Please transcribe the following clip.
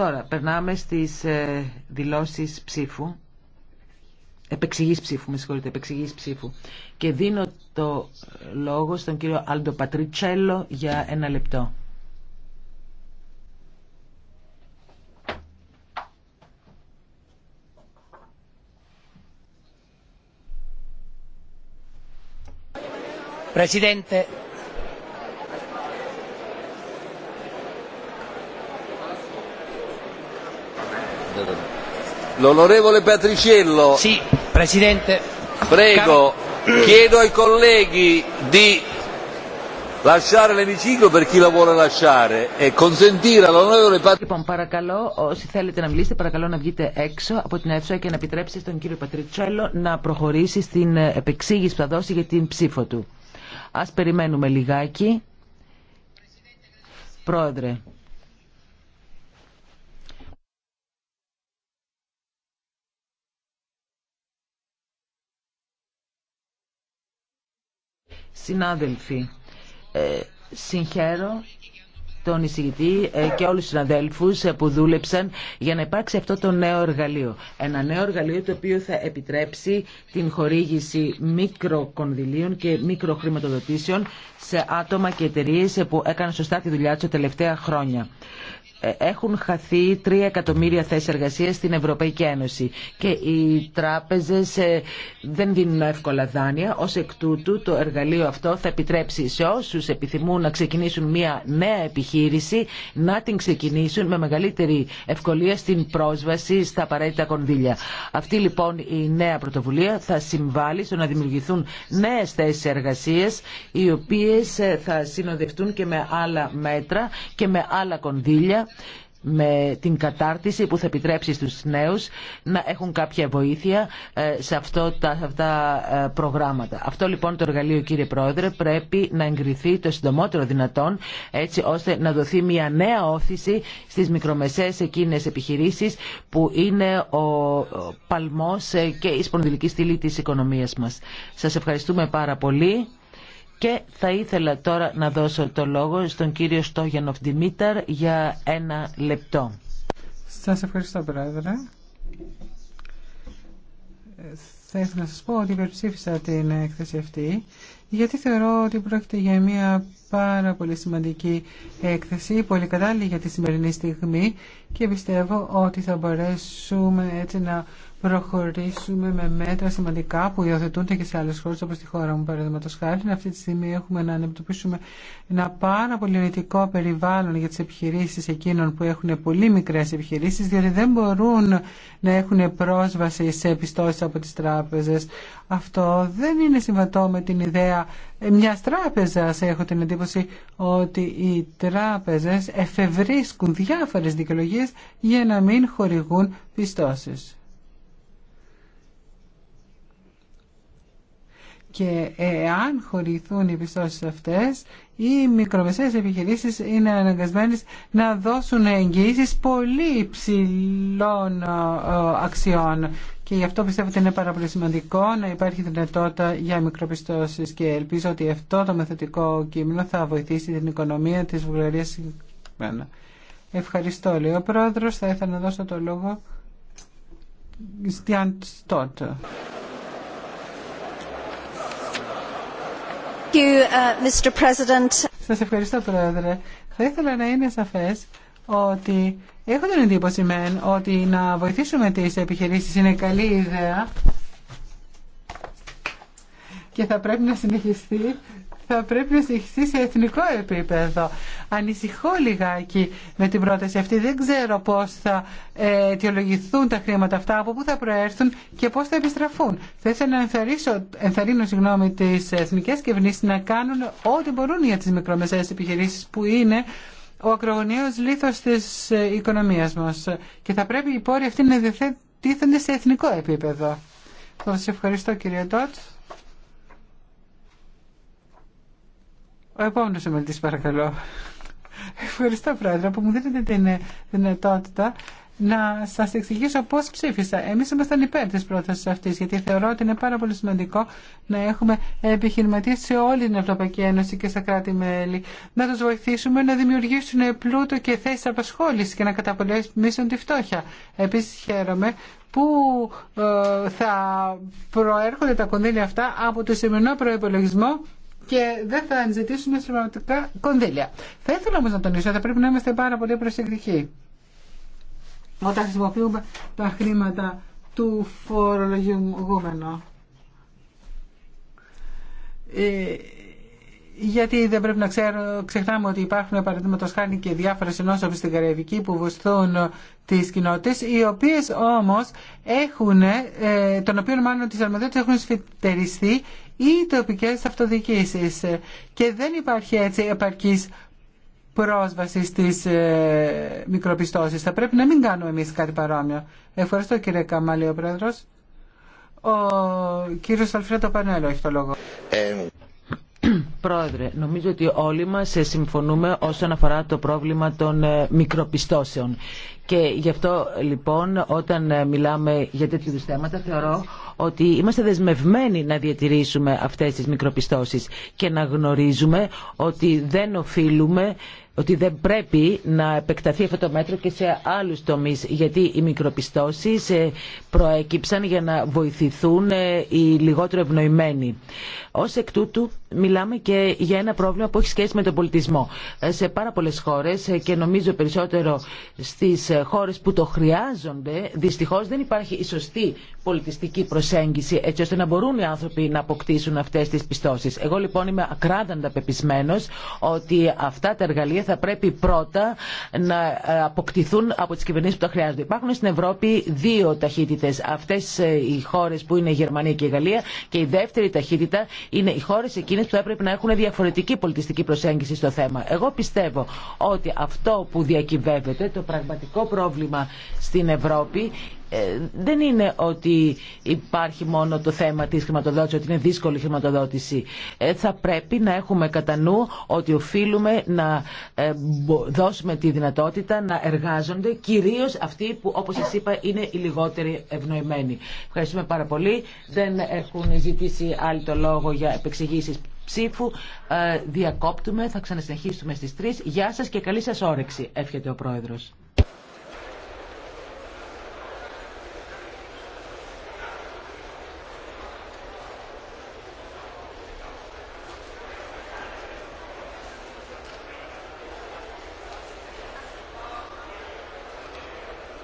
Τώρα, περνάμε στις ε, δηλώσεις ψήφου. Επεξηγής ψήφου, με συγχωρείτε, επεξηγής ψήφου. Και δίνω το λόγο στον κύριο Άλντο για ένα λεπτό. Presidente, L'onorevole Patriciello. Sì, Presidente. Prego, chiedo ai colleghi di lasciare l'emiciclo per chi la vuole lasciare e consentire all'onorevole Patriciello. Λοιπόν, παρακαλώ, όσοι θέλετε να μιλήσετε, παρακαλώ να βγείτε έξω από την αίθουσα και να επιτρέψετε στον κύριο Πατριτσέλο να προχωρήσει στην επεξήγηση που θα δώσει για την ψήφο του. Ας περιμένουμε λιγάκι. Πρόεδρε. Συνάδελφοι, ε, συγχαίρω τον εισηγητή ε, και όλους τους συναδέλφους ε, που δούλεψαν για να υπάρξει αυτό το νέο εργαλείο. Ένα νέο εργαλείο το οποίο θα επιτρέψει την χορήγηση μικροκονδυλίων και μικροχρηματοδοτήσεων σε άτομα και εταιρείε που έκαναν σωστά τη δουλειά τους τα τελευταία χρόνια. Ε, έχουν χαθεί 3 εκατομμύρια θέσεις εργασίας στην Ευρωπαϊκή Ένωση και οι τράπεζες ε, δεν δίνουν εύκολα δάνεια. Ως εκ τούτου το εργαλείο αυτό θα επιτρέψει σε όσους επιθυμούν να ξεκινήσουν μια νέα επιχείρηση να την ξεκινήσουν με μεγαλύτερη ευκολία στην πρόσβαση στα απαραίτητα κονδύλια. Αυτή λοιπόν η νέα πρωτοβουλία θα συμβάλλει στο να δημιουργηθούν νέες θέσεις εργασίας οι οποίες ε, θα συνοδευτούν και με άλλα μέτρα και με άλλα κονδύλια με την κατάρτιση που θα επιτρέψει στους νέους να έχουν κάποια βοήθεια ε, σε, αυτό, τα αυτά τα ε, προγράμματα. Αυτό λοιπόν το εργαλείο κύριε Πρόεδρε πρέπει να εγκριθεί το συντομότερο δυνατόν έτσι ώστε να δοθεί μια νέα όθηση στις μικρομεσαίες εκείνες επιχειρήσεις που είναι ο παλμός ε, και η σπονδυλική στήλη της οικονομίας μας. Σας ευχαριστούμε πάρα πολύ. Και θα ήθελα τώρα να δώσω το λόγο στον κύριο Στόγιανοφ Δημήταρ για ένα λεπτό. Σας ευχαριστώ, Πρόεδρε. Θα ήθελα να σας πω ότι υπερψήφισα την έκθεση αυτή, γιατί θεωρώ ότι πρόκειται για μια πάρα πολύ σημαντική έκθεση, πολύ κατάλληλη για τη σημερινή στιγμή και πιστεύω ότι θα μπορέσουμε έτσι να προχωρήσουμε με μέτρα σημαντικά που υιοθετούνται και σε άλλε χώρε όπω τη χώρα μου παραδείγματο χάρη. Αυτή τη στιγμή έχουμε να αντιμετωπίσουμε ένα πάρα πολύ ρητικό περιβάλλον για τι επιχειρήσει εκείνων που έχουν πολύ μικρέ επιχειρήσει, διότι δεν μπορούν να έχουν πρόσβαση σε επιστώσει από τι τράπεζε. Αυτό δεν είναι συμβατό με την ιδέα μια τράπεζα. Έχω την εντύπωση ότι οι τράπεζες εφευρίσκουν διάφορε δικαιολογίε για να μην χορηγούν πιστώσει. και εάν χωρηθούν οι πιστώσεις αυτές, οι μικρομεσαίες επιχειρήσεις είναι αναγκασμένες να δώσουν εγγυήσεις πολύ υψηλών ε, αξιών. Και γι' αυτό πιστεύω ότι είναι πάρα πολύ σημαντικό να υπάρχει δυνατότητα για μικροπιστώσεις και ελπίζω ότι αυτό το μεθοτικό κείμενο θα βοηθήσει την οικονομία της Βουλγαρίας συγκεκριμένα. Ευχαριστώ, λέει ο Πρόεδρος. Θα ήθελα να δώσω το λόγο στην Στότ. Uh, Σας ευχαριστώ, Πρόεδρε. Θα ήθελα να είναι σαφές ότι έχω την εντύπωση μεν ότι να βοηθήσουμε τις επιχειρήσεις είναι καλή ιδέα και θα πρέπει να συνεχιστεί θα πρέπει να συγχυθεί σε εθνικό επίπεδο. Ανησυχώ λιγάκι με την πρόταση αυτή. Δεν ξέρω πώ θα αιτιολογηθούν τα χρήματα αυτά, από πού θα προέρθουν και πώ θα επιστραφούν. Θα ήθελα να ενθαρρύνω, ενθαρρύνω συγγνώμη, τις εθνικές κυβερνήσει να κάνουν ό,τι μπορούν για τι μικρομεσαίες επιχειρήσει, που είναι ο ακρογωνιαίο λίθος τη οικονομία μα. Και θα πρέπει οι πόροι αυτοί να διαθέτουν τίθενται σε εθνικό επίπεδο. Θα σας ευχαριστώ κύριε Τότ. Ο επόμενο ομιλητής παρακαλώ. Ευχαριστώ πρόεδρε που μου δίνετε την δυνατότητα να σα εξηγήσω πώ ψήφισα. Εμεί ήμασταν υπέρ τη πρόταση αυτή, γιατί θεωρώ ότι είναι πάρα πολύ σημαντικό να έχουμε επιχειρηματίε σε όλη την Ευρωπαϊκή Ένωση και στα κράτη-μέλη, να του βοηθήσουμε να δημιουργήσουν πλούτο και θέσει απασχόληση και να καταπολεμήσουν τη φτώχεια. Επίση χαίρομαι που ε, θα προέρχονται τα κονδύλια αυτά από το σημερινό προπολογισμό και δεν θα ζητήσουν συμβατικά κονδύλια. Θα ήθελα όμω να τονίσω ότι πρέπει να είμαστε πάρα πολύ προσεκτικοί όταν χρησιμοποιούμε τα χρήματα του φορολογούμενου γιατί δεν πρέπει να ξέρω, ξεχνάμε ότι υπάρχουν παραδείγματο χάνει και διάφορε ενώσει στην Καραϊβική που βοηθούν τι κοινότητε, οι οποίε όμω έχουν, ε, των οποίων μάλλον τι αρμοδιότητε έχουν σφιτεριστεί οι τοπικέ αυτοδιοίκησει. Και δεν υπάρχει έτσι επαρκή πρόσβαση στι ε, μικροπιστώσει. Θα πρέπει να μην κάνουμε εμεί κάτι παρόμοιο. Ευχαριστώ κύριε Καμάλη, ο πρόεδρο. Ο κύριο Αλφρέτο Πανέλο έχει το λόγο. Ε... Πρόεδρε, νομίζω ότι όλοι μας ε, συμφωνούμε όσον αφορά το πρόβλημα των ε, μικροπιστώσεων. Και γι' αυτό λοιπόν όταν ε, μιλάμε για τέτοιου είδου θέματα θεωρώ ότι είμαστε δεσμευμένοι να διατηρήσουμε αυτές τις μικροπιστώσεις και να γνωρίζουμε ότι δεν οφείλουμε ότι δεν πρέπει να επεκταθεί αυτό το μέτρο και σε άλλους τομείς γιατί οι μικροπιστώσεις ε, προέκυψαν για να βοηθηθούν ε, οι λιγότερο ευνοημένοι. Ως εκ τούτου μιλάμε και για ένα πρόβλημα που έχει σχέση με τον πολιτισμό. Σε πάρα πολλές χώρες και νομίζω περισσότερο στις χώρες που το χρειάζονται, δυστυχώς δεν υπάρχει η σωστή πολιτιστική προσέγγιση έτσι ώστε να μπορούν οι άνθρωποι να αποκτήσουν αυτές τις πιστώσεις. Εγώ λοιπόν είμαι ακράδαντα πεπισμένος ότι αυτά τα εργαλεία θα πρέπει πρώτα να ε, αποκτηθούν από τις κυβερνήσεις που τα χρειάζονται. Υπάρχουν στην Ευρώπη δύο ταχύτητες. Αυτές ε, οι χώρες που είναι η Γερμανία και η Γαλλία και η δεύτερη ταχύτητα είναι οι χώρες εκείνες που έπρεπε να έχουν διαφορετική πολιτιστική προσέγγιση στο θέμα. Εγώ πιστεύω ότι αυτό που διακυβεύεται, το πραγματικό πρόβλημα στην Ευρώπη ε, δεν είναι ότι υπάρχει μόνο το θέμα της χρηματοδότησης, ότι είναι δύσκολη η χρηματοδότηση. Ε, θα πρέπει να έχουμε κατά νου ότι οφείλουμε να ε, δώσουμε τη δυνατότητα να εργάζονται κυρίως αυτοί που όπως σας είπα είναι οι λιγότεροι ευνοημένοι. Ευχαριστούμε πάρα πολύ. Δεν έχουν ζητήσει άλλη το λόγο για επεξηγήσεις ψήφου. Ε, διακόπτουμε, θα ξανασυνεχίσουμε στις 3. Γεια σας και καλή σας όρεξη, εύχεται ο Πρόεδρος.